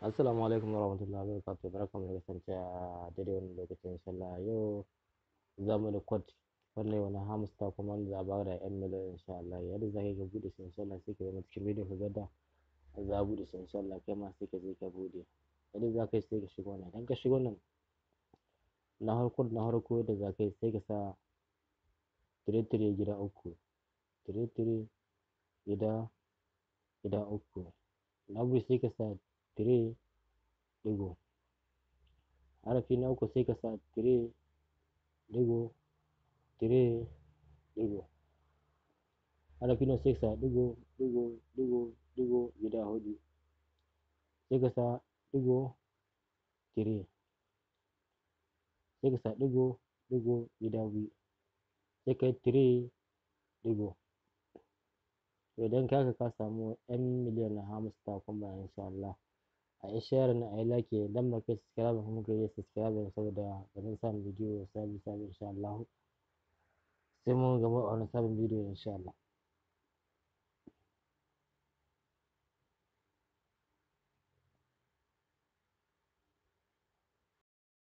Assalamu alaikum warahmatullahi wabarakatuh barkamu da kasance a daidai wannan lokacin insha yau za mu da kwat wannan wani hamster kuma wanda za a bada da yan miliyan insha yadda za ka buɗe su insha sai ka zama cikin bidiyo ka da za a buɗe su insha kai ma sai ka je ka buɗe yadda za ka yi sai ka shigo nan idan ka shigo nan na harko na harko da za ka yi sai ka sa tire-tire gida uku tire-tire gida gida uku na biyu sai ka sa tire ɗigo harafi na uku sai ka sa tire ɗigo tire ɗigo harafi na sai ka sa ɗigo ɗigo ɗigo ɗigo gida hudu sai ka sa ɗigo tire sai ka sa ɗigo ɗigo gida biyu sai ka yi tire ɗigo to idan ka haka ka samu yan miliyan hamsin hamsin kuma insha Allah a share na a like idan ba kai yi kuma kai yi subscribing saboda ba zan samu bidiyo sabi sabi insha Allah sai mun gaba a wani sabon video insha Allah